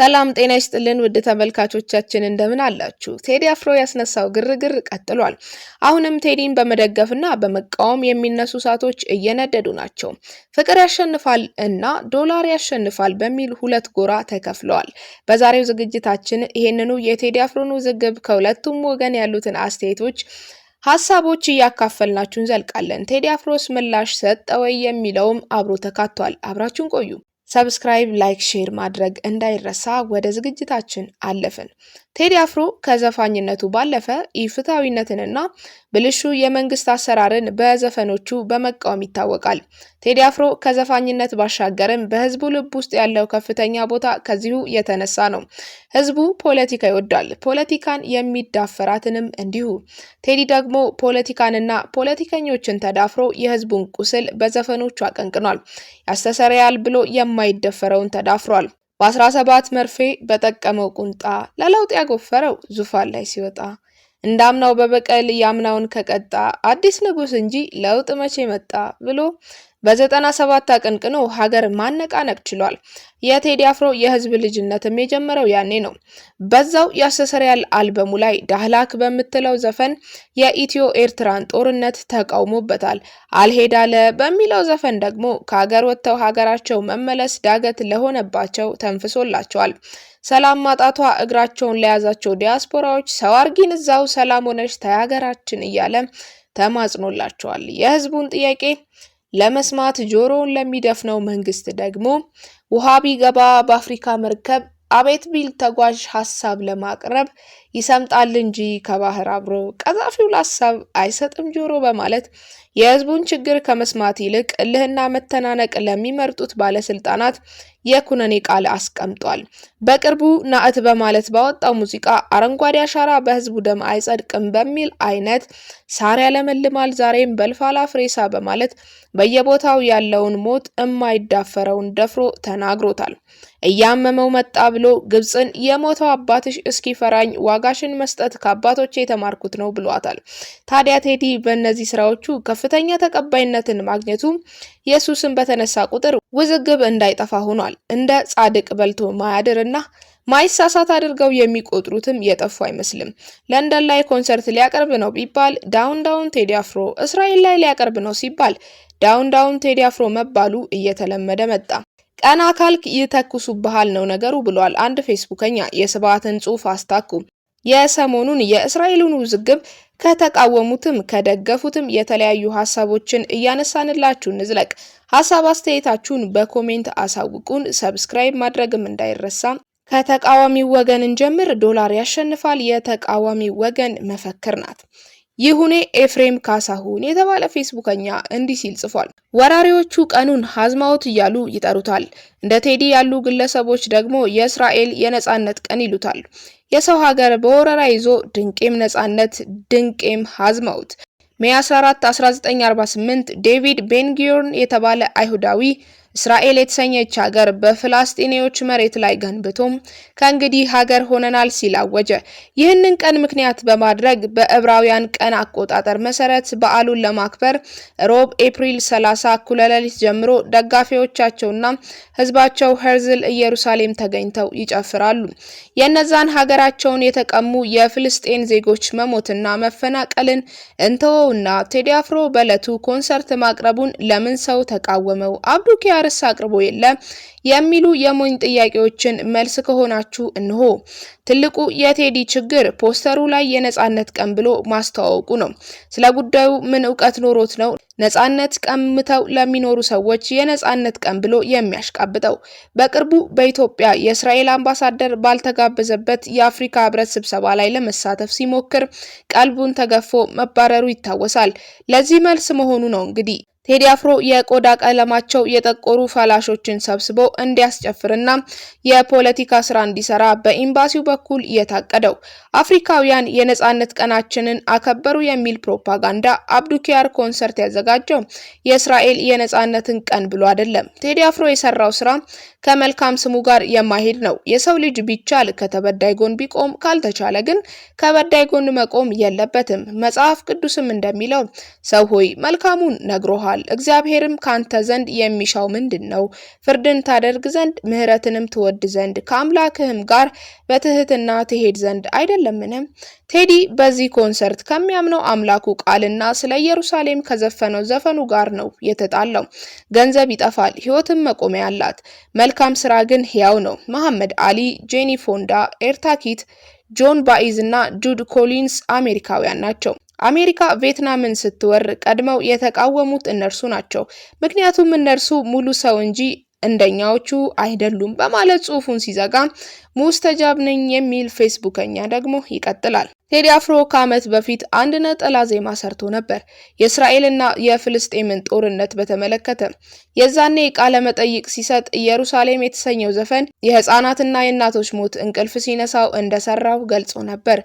ሰላም ጤና ይስጥልን ውድ ተመልካቾቻችን እንደምን አላችሁ? ቴዲ አፍሮ ያስነሳው ግርግር ቀጥሏል። አሁንም ቴዲን በመደገፍና በመቃወም የሚነሱ እሳቶች እየነደዱ ናቸው። ፍቅር ያሸንፋል እና ዶላር ያሸንፋል በሚል ሁለት ጎራ ተከፍለዋል። በዛሬው ዝግጅታችን ይህንኑ የቴዲ አፍሮን ውዝግብ ከሁለቱም ወገን ያሉትን አስተያየቶች ሀሳቦች እያካፈልናችሁ እንዘልቃለን። ቴዲ አፍሮስ ምላሽ ሰጠ ወይ የሚለውም አብሮ ተካቷል። አብራችሁን ቆዩ። ሰብስክራይብ፣ ላይክ፣ ሼር ማድረግ እንዳይረሳ። ወደ ዝግጅታችን አለፍን። ቴዲ አፍሮ ከዘፋኝነቱ ባለፈ ኢፍትሐዊነትንና ብልሹ የመንግስት አሰራርን በዘፈኖቹ በመቃወም ይታወቃል። ቴዲ አፍሮ ከዘፋኝነት ባሻገርም በህዝቡ ልብ ውስጥ ያለው ከፍተኛ ቦታ ከዚሁ የተነሳ ነው። ህዝቡ ፖለቲካ ይወዳል። ፖለቲካን የሚዳፈራትንም እንዲሁ። ቴዲ ደግሞ ፖለቲካንና ፖለቲከኞችን ተዳፍሮ የህዝቡን ቁስል በዘፈኖቹ አቀንቅኗል። ያስተሰርያል ብሎ የማይደፈረውን ተዳፍሯል። በአስራ ሰባት መርፌ በጠቀመው ቁንጣ ለለውጥ ያጎፈረው ዙፋን ላይ ሲወጣ እንዳምናው በበቀል ያምናውን ከቀጣ አዲስ ንጉስ እንጂ ለውጥ መቼ መጣ ብሎ በዘጠና ሰባት አቀንቅኖ ሀገር ማነቃነቅ ችሏል። የቴዲ አፍሮ የህዝብ ልጅነትም የጀመረው ያኔ ነው። በዛው የአሰሰሪያል አልበሙ ላይ ዳህላክ በምትለው ዘፈን የኢትዮ ኤርትራን ጦርነት ተቃውሞበታል። አልሄዳለ በሚለው ዘፈን ደግሞ ከሀገር ወጥተው ሀገራቸው መመለስ ዳገት ለሆነባቸው ተንፍሶላቸዋል። ሰላም ማጣቷ እግራቸውን ለያዛቸው ዲያስፖራዎች ሰው አርጊን እዛው ሰላም ሆነች ተያገራችን እያለ ተማጽኖላቸዋል። የህዝቡን ጥያቄ ለመስማት ጆሮውን ለሚደፍነው መንግስት ደግሞ ውሃ ቢገባ በአፍሪካ መርከብ አቤት ቢል ተጓዥ ሀሳብ ለማቅረብ ይሰምጣል እንጂ ከባህር አብሮ ቀዛፊው ለሀሳብ አይሰጥም ጆሮ በማለት የህዝቡን ችግር ከመስማት ይልቅ እልህና መተናነቅ ለሚመርጡት ባለስልጣናት የኩነኔ ቃል አስቀምጧል። በቅርቡ ናእት በማለት ባወጣው ሙዚቃ አረንጓዴ አሻራ በህዝቡ ደም አይጸድቅም በሚል አይነት ሳር ያለመልማል ዛሬም በልፋላ ፍሬሳ በማለት በየቦታው ያለውን ሞት የማይዳፈረውን ደፍሮ ተናግሮታል። እያመመው መጣ ብሎ ግብፅን የሞተው አባትሽ እስኪፈራኝ ዋጋሽን መስጠት ከአባቶቼ የተማርኩት ነው ብሏታል። ታዲያ ቴዲ በእነዚህ ስራዎቹ ከፍተኛ ተቀባይነትን ማግኘቱ ኢየሱስን በተነሳ ቁጥር ውዝግብ እንዳይጠፋ ሆኗል። እንደ ጻድቅ በልቶ ማያድርና ማይሳሳት አድርገው የሚቆጥሩትም የጠፉ አይመስልም። ለንደን ላይ ኮንሰርት ሊያቀርብ ነው ቢባል ዳውን ዳውን ቴዲ አፍሮ፣ እስራኤል ላይ ሊያቀርብ ነው ሲባል ዳውን ዳውን ቴዲ አፍሮ መባሉ እየተለመደ መጣ። ቀና ካልክ ይተኩሱብሃል ነው ነገሩ ብሏል አንድ ፌስቡከኛ የስብዓትን ጽሁፍ አስታኩ። የሰሞኑን የእስራኤሉን ውዝግብ ከተቃወሙትም ከደገፉትም የተለያዩ ሀሳቦችን እያነሳንላችሁ እንዝለቅ። ሀሳብ አስተያየታችሁን በኮሜንት አሳውቁን። ሰብስክራይብ ማድረግም እንዳይረሳ። ከተቃዋሚ ወገን እንጀምር። ዶላር ያሸንፋል የተቃዋሚ ወገን መፈክር ናት። ይሁኔ ኤፍሬም ካሳሁን የተባለ ፌስቡከኛ እንዲህ ሲል ጽፏል። ወራሪዎቹ ቀኑን ሀዝማውት እያሉ ይጠሩታል። እንደ ቴዲ ያሉ ግለሰቦች ደግሞ የእስራኤል የነጻነት ቀን ይሉታል። የሰው ሀገር በወረራ ይዞ ድንቄም ነጻነት ድንቄም ሀዝማውት ሜ 14 1948 ዴቪድ ቤንጊዮርን የተባለ አይሁዳዊ እስራኤል የተሰኘች ሀገር በፍላስጢኔዎች መሬት ላይ ገንብቶም ከእንግዲህ ሀገር ሆነናል ሲል አወጀ። ይህንን ቀን ምክንያት በማድረግ በዕብራውያን ቀን አቆጣጠር መሰረት በዓሉን ለማክበር ሮብ ኤፕሪል 30 እኩለ ሌሊት ጀምሮ ደጋፊዎቻቸውና ህዝባቸው ሄርዝል ኢየሩሳሌም ተገኝተው ይጨፍራሉ። የእነዛን ሀገራቸውን የተቀሙ የፍልስጤን ዜጎች መሞትና መፈናቀልን እንተወውና ቴዲ አፍሮ በዕለቱ ኮንሰርት ማቅረቡን ለምን ሰው ተቃወመው? አብዱ ኪያርስ አቅርቦ የለ የሚሉ የሞኝ ጥያቄዎችን መልስ ከሆናችሁ እንሆ። ትልቁ የቴዲ ችግር ፖስተሩ ላይ የነጻነት ቀን ብሎ ማስተዋወቁ ነው። ስለ ጉዳዩ ምን እውቀት ኖሮት ነው ነጻነት ቀምተው ለሚኖሩ ሰዎች የነጻነት ቀን ብሎ የሚያሽቃብጠው? በቅርቡ በኢትዮጵያ የእስራኤል አምባሳደር ባልተጋበዘበት የአፍሪካ ህብረት ስብሰባ ላይ ለመሳተፍ ሲሞክር ቀልቡን ተገፎ መባረሩ ይታወሳል። ለዚህ መልስ መሆኑ ነው እንግዲህ ቴዲ አፍሮ የቆዳ ቀለማቸው የጠቆሩ ፈላሾችን ሰብስቦ እንዲያስጨፍርና የፖለቲካ ስራ እንዲሰራ በኤምባሲው በኩል የታቀደው አፍሪካውያን የነጻነት ቀናችንን አከበሩ የሚል ፕሮፓጋንዳ አብዱኪያር ኮንሰርት ያዘጋጀው የእስራኤል የነጻነትን ቀን ብሎ አይደለም። ቴዲ አፍሮ የሰራው ስራ ከመልካም ስሙ ጋር የማሄድ ነው። የሰው ልጅ ቢቻል ከተበዳይ ጎን ቢቆም፣ ካልተቻለ ግን ከበዳይ ጎን መቆም የለበትም። መጽሐፍ ቅዱስም እንደሚለው ሰው ሆይ መልካሙን ነግሮሃል ይገባሃል። እግዚአብሔርም ካንተ ዘንድ የሚሻው ምንድን ነው? ፍርድን ታደርግ ዘንድ ምሕረትንም ትወድ ዘንድ ከአምላክህም ጋር በትህትና ትሄድ ዘንድ አይደለምን? ቴዲ በዚህ ኮንሰርት ከሚያምነው አምላኩ ቃልና ስለ ኢየሩሳሌም ከዘፈነው ዘፈኑ ጋር ነው የተጣለው። ገንዘብ ይጠፋል፣ ህይወትም መቆሚያ አላት። መልካም ስራ ግን ሕያው ነው። መሐመድ አሊ፣ ጄኒ ፎንዳ፣ ኤርታኪት ጆን ባኢዝ እና ጁድ ኮሊንስ አሜሪካውያን ናቸው። አሜሪካ ቪየትናምን ስትወር ቀድመው የተቃወሙት እነርሱ ናቸው። ምክንያቱም እነርሱ ሙሉ ሰው እንጂ እንደኛዎቹ አይደሉም በማለት ጽሑፉን ሲዘጋ ሙስተጃብ ነኝ የሚል ፌስቡከኛ ደግሞ ይቀጥላል። ቴዲ አፍሮ ከዓመት በፊት አንድ ነጠላ ዜማ ሰርቶ ነበር የእስራኤልና የፍልስጤምን ጦርነት በተመለከተ። የዛኔ ቃለ መጠይቅ ሲሰጥ ኢየሩሳሌም የተሰኘው ዘፈን የህፃናትና የእናቶች ሞት እንቅልፍ ሲነሳው እንደሰራው ገልጾ ነበር።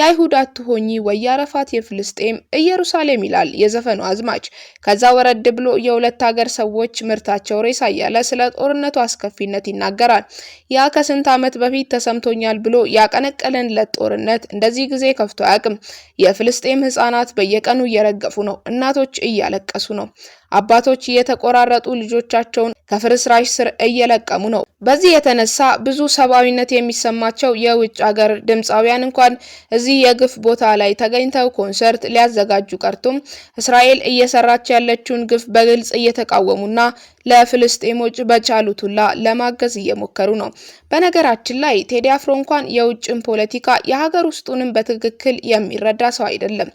የአይሁድ አትሆኚ ወያረፋት የፍልስጤም ኢየሩሳሌም ይላል የዘፈኑ አዝማች። ከዛ ወረድ ብሎ የሁለት ሀገር ሰዎች ምርታቸው ሬሳ እያለ ስለ ጦርነቱ አስከፊነት ይናገራል። ያ ከስንት ዓመት በፊት ተሰምቶኛል ብሎ ያቀነቀለንለት ጦርነት እንደዚህ ጊዜ ከፍቶ አያውቅም። የፍልስጤም ህጻናት በየቀኑ እየረገፉ ነው። እናቶች እያለቀሱ ነው። አባቶች እየተቆራረጡ ልጆቻቸውን ከፍርስራሽ ስር እየለቀሙ ነው። በዚህ የተነሳ ብዙ ሰብአዊነት የሚሰማቸው የውጭ ሀገር ድምፃውያን እንኳን እዚህ የግፍ ቦታ ላይ ተገኝተው ኮንሰርት ሊያዘጋጁ ቀርቶም እስራኤል እየሰራች ያለችውን ግፍ በግልጽ እየተቃወሙና ለፍልስጤሞች በቻሉት ሁላ ለማገዝ እየሞከሩ ነው። በነገራችን ላይ ቴዲ አፍሮ እንኳን የውጭን ፖለቲካ የሀገር ውስጡንም በትክክል የሚረዳ ሰው አይደለም።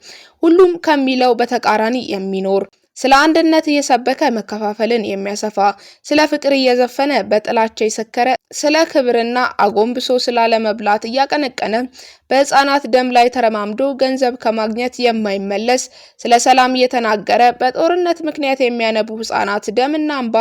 ሁሉም ከሚለው በተቃራኒ የሚኖር ስለ አንድነት እየሰበከ መከፋፈልን የሚያሰፋ፣ ስለ ፍቅር እየዘፈነ በጥላቻ የሰከረ፣ ስለ ክብርና አጎንብሶ ስላለመብላት እያቀነቀነ በህፃናት ደም ላይ ተረማምዶ ገንዘብ ከማግኘት የማይመለስ፣ ስለ ሰላም እየተናገረ በጦርነት ምክንያት የሚያነቡ ህፃናት ደምና እንባ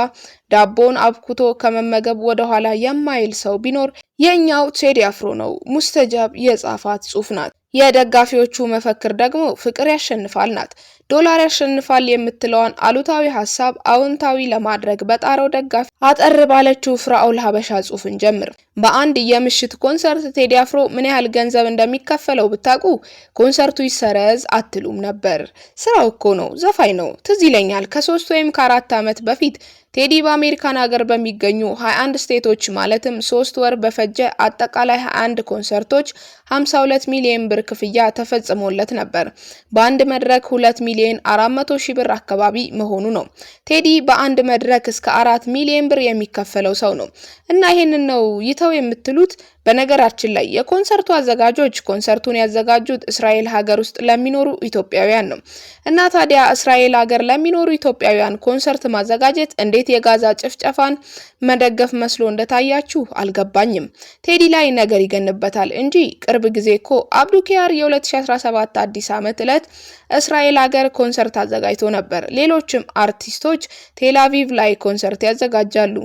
ዳቦን አብኩቶ ከመመገብ ወደኋላ የማይል ሰው ቢኖር የእኛው ቴዲ አፍሮ ነው። ሙስተጃብ የጻፋት ጽሁፍ ናት። የደጋፊዎቹ መፈክር ደግሞ ፍቅር ያሸንፋል ናት። ዶላር ያሸንፋል የምትለዋን አሉታዊ ሀሳብ አዎንታዊ ለማድረግ በጣረው ደጋፊ አጠር ባለችው ፍራኦል ሀበሻ ጽሑፍን ጀምር። በአንድ የምሽት ኮንሰርት ቴዲ አፍሮ ምን ያህል ገንዘብ እንደሚከፈለው ብታውቁ ኮንሰርቱ ይሰረዝ አትሉም ነበር። ስራው እኮ ነው፣ ዘፋኝ ነው። ትዝ ይለኛል ከሶስት ወይም ከአራት ዓመት በፊት ቴዲ በአሜሪካን ሀገር በሚገኙ 21 ስቴቶች ማለትም ሶስት ወር በፈጀ አጠቃላይ 21 ኮንሰርቶች 52 ሚሊዮን ብር ክፍያ ተፈጽሞለት ነበር። በአንድ መድረክ 2 ሚሊዮን 400 ሺህ ብር አካባቢ መሆኑ ነው። ቴዲ በአንድ መድረክ እስከ 4 ሚሊዮን ብር የሚከፈለው ሰው ነው እና ይህንን ነው ይተው የምትሉት? በነገራችን ላይ የኮንሰርቱ አዘጋጆች ኮንሰርቱን ያዘጋጁት እስራኤል ሀገር ውስጥ ለሚኖሩ ኢትዮጵያውያን ነው እና ታዲያ እስራኤል ሀገር ለሚኖሩ ኢትዮጵያውያን ኮንሰርት ማዘጋጀት እንዴት የጋዛ ጭፍጨፋን መደገፍ መስሎ እንደታያችሁ አልገባኝም። ቴዲ ላይ ነገር ይገንበታል እንጂ ቅርብ ጊዜ እኮ አብዱኪያር የ2017 አዲስ ዓመት ዕለት እስራኤል ሀገር ኮንሰርት አዘጋጅቶ ነበር። ሌሎችም አርቲስቶች ቴላቪቭ ላይ ኮንሰርት ያዘጋጃሉ።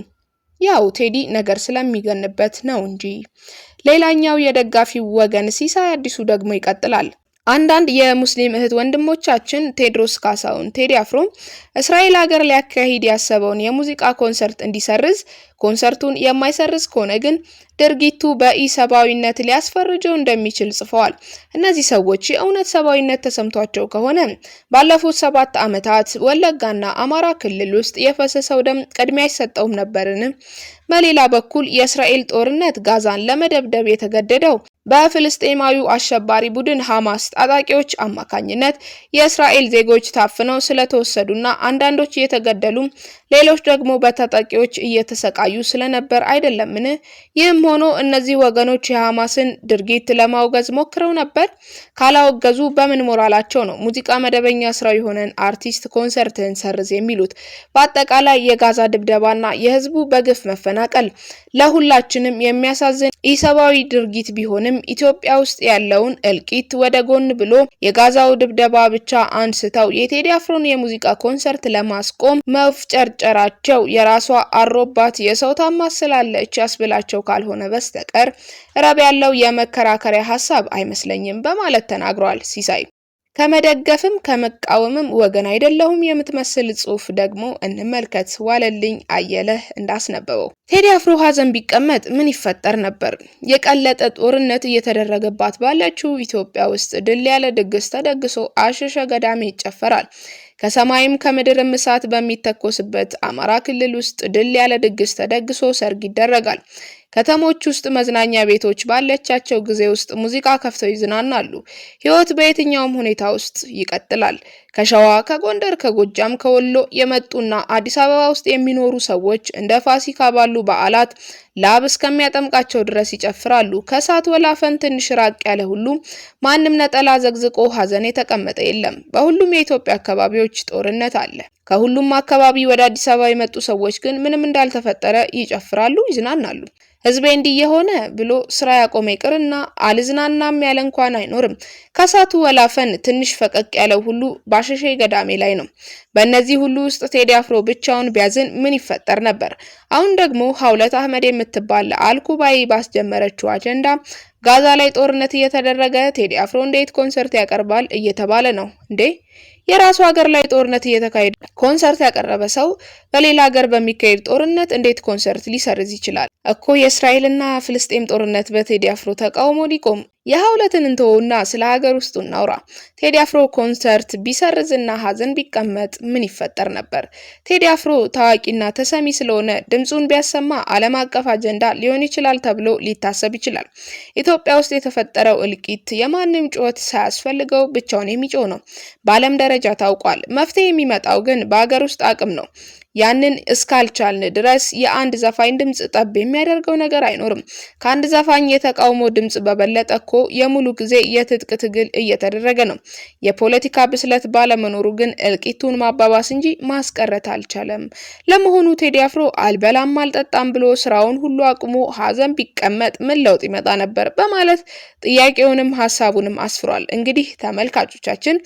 ያው ቴዲ ነገር ስለሚገንበት ነው እንጂ። ሌላኛው የደጋፊው ወገን ሲሳይ አዲሱ ደግሞ ይቀጥላል። አንዳንድ የሙስሊም እህት ወንድሞቻችን ቴድሮስ ካሳሁን ቴዲ አፍሮ እስራኤል ሀገር ሊያካሂድ ያሰበውን የሙዚቃ ኮንሰርት እንዲሰርዝ፣ ኮንሰርቱን የማይሰርዝ ከሆነ ግን ድርጊቱ በኢሰብአዊነት ሊያስፈርጀው እንደሚችል ጽፈዋል። እነዚህ ሰዎች የእውነት ሰብአዊነት ተሰምቷቸው ከሆነ ባለፉት ሰባት ዓመታት ወለጋና አማራ ክልል ውስጥ የፈሰሰው ደም ቅድሚያ አይሰጠውም ነበርን? በሌላ በኩል የእስራኤል ጦርነት ጋዛን ለመደብደብ የተገደደው በፍልስጤማዊ አሸባሪ ቡድን ሐማስ ታጣቂዎች አማካኝነት የእስራኤል ዜጎች ታፍነው ስለተወሰዱና አንዳንዶች እየተገደሉ ሌሎች ደግሞ በታጣቂዎች እየተሰቃዩ ስለነበር አይደለምን? ይህም ሆኖ እነዚህ ወገኖች የሐማስን ድርጊት ለማውገዝ ሞክረው ነበር? ካላወገዙ በምን ሞራላቸው ነው ሙዚቃ መደበኛ ስራው የሆነን አርቲስት ኮንሰርትህን ሰርዝ የሚሉት? በአጠቃላይ የጋዛ ድብደባና የህዝቡ በግፍ መፈናቀል ለሁላችንም የሚያሳዝን ኢሰብአዊ ድርጊት ቢሆንም በተለይም ኢትዮጵያ ውስጥ ያለውን እልቂት ወደ ጎን ብሎ የጋዛው ድብደባ ብቻ አንስተው የቴዲ አፍሮን የሙዚቃ ኮንሰርት ለማስቆም መፍጨርጨራቸው የራሷ አሮባት የሰው ታማስላለች ያስብላቸው ካልሆነ በስተቀር ረብ ያለው የመከራከሪያ ሀሳብ አይመስለኝም በማለት ተናግሯል ሲሳይ። ከመደገፍም ከመቃወምም ወገን አይደለሁም የምትመስል ጽሁፍ ደግሞ እንመልከት። ዋለልኝ አየለህ እንዳስነበበው ቴዲ አፍሮ ሀዘን ቢቀመጥ ምን ይፈጠር ነበር? የቀለጠ ጦርነት እየተደረገባት ባለችው ኢትዮጵያ ውስጥ ድል ያለ ድግስ ተደግሶ አሸሸ ገዳሜ ይጨፈራል። ከሰማይም ከምድርም እሳት በሚተኮስበት አማራ ክልል ውስጥ ድል ያለ ድግስ ተደግሶ ሰርግ ይደረጋል። ከተሞች ውስጥ መዝናኛ ቤቶች ባለቻቸው ጊዜ ውስጥ ሙዚቃ ከፍተው ይዝናናሉ። ህይወት በየትኛውም ሁኔታ ውስጥ ይቀጥላል። ከሸዋ፣ ከጎንደር፣ ከጎጃም፣ ከወሎ የመጡና አዲስ አበባ ውስጥ የሚኖሩ ሰዎች እንደ ፋሲካ ባሉ በዓላት ላብ እስከሚያጠምቃቸው ድረስ ይጨፍራሉ። ከእሳት ወላፈን ትንሽ ራቅ ያለ ሁሉ ማንም ነጠላ ዘግዝቆ ሀዘን የተቀመጠ የለም። በሁሉም የኢትዮጵያ አካባቢዎች ጦርነት አለ። ከሁሉም አካባቢ ወደ አዲስ አበባ የመጡ ሰዎች ግን ምንም እንዳልተፈጠረ ይጨፍራሉ፣ ይዝናናሉ። ህዝቤ እንዲህ የሆነ ብሎ ስራ ያቆመ ይቅርና አልዝናናም ያለ እንኳን አይኖርም። ከእሳቱ ወላፈን ትንሽ ፈቀቅ ያለው ሁሉ አሸሼ ገዳሜ ላይ ነው። በእነዚህ ሁሉ ውስጥ ቴዲ አፍሮ ብቻውን ቢያዝን ምን ይፈጠር ነበር? አሁን ደግሞ ሀውለት አህመድ የምትባል አልኩባይ ባስጀመረችው አጀንዳ ጋዛ ላይ ጦርነት እየተደረገ ቴዲ አፍሮ እንዴት ኮንሰርት ያቀርባል እየተባለ ነው እንዴ? የራሱ ሀገር ላይ ጦርነት እየተካሄደ ኮንሰርት ያቀረበ ሰው በሌላ ሀገር በሚካሄድ ጦርነት እንዴት ኮንሰርት ሊሰርዝ ይችላል? እኮ የእስራኤልና ፍልስጤም ጦርነት በቴዲ አፍሮ ተቃውሞ ሊቆም የሀውለትን እንተውና ስለ ሀገር ውስጥ እናውራ። ቴዲ አፍሮ ኮንሰርት ቢሰርዝና ሀዘን ቢቀመጥ ምን ይፈጠር ነበር? ቴዲ አፍሮ ታዋቂና ተሰሚ ስለሆነ ድምፁን ቢያሰማ ዓለም አቀፍ አጀንዳ ሊሆን ይችላል ተብሎ ሊታሰብ ይችላል። ኢትዮጵያ ውስጥ የተፈጠረው እልቂት የማንም ጩኸት ሳያስፈልገው ብቻውን የሚጮህ ነው። በዓለም ደረጃ ታውቋል። መፍትሄ የሚመጣው ግን በሀገር ውስጥ አቅም ነው። ያንን እስካልቻልን ድረስ የአንድ ዘፋኝ ድምፅ ጠብ የሚያደርገው ነገር አይኖርም። ከአንድ ዘፋኝ የተቃውሞ ድምጽ በበለጠ እኮ የሙሉ ጊዜ የትጥቅ ትግል እየተደረገ ነው። የፖለቲካ ብስለት ባለመኖሩ ግን እልቂቱን ማባባስ እንጂ ማስቀረት አልቻለም። ለመሆኑ ቴዲ አፍሮ አልበላም አልጠጣም ብሎ ስራውን ሁሉ አቁሞ ሀዘን ቢቀመጥ ምን ለውጥ ይመጣ ነበር በማለት ጥያቄውንም ሀሳቡንም አስፍሯል። እንግዲህ ተመልካቾቻችን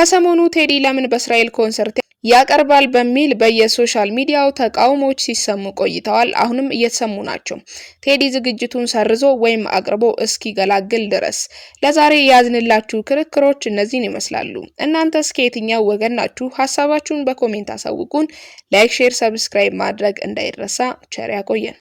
ከሰሞኑ ቴዲ ለምን በእስራኤል ኮንሰርት ያቀርባል በሚል በየሶሻል ሚዲያው ተቃውሞዎች ሲሰሙ ቆይተዋል። አሁንም እየተሰሙ ናቸው። ቴዲ ዝግጅቱን ሰርዞ ወይም አቅርቦ እስኪገላግል ድረስ። ለዛሬ ያዝንላችሁ ክርክሮች እነዚህን ይመስላሉ። እናንተስ የትኛው ወገን ናችሁ? ሀሳባችሁን በኮሜንት አሳውቁን። ላይክ፣ ሼር፣ ሰብስክራይብ ማድረግ እንዳይረሳ። ቸር ያቆየን።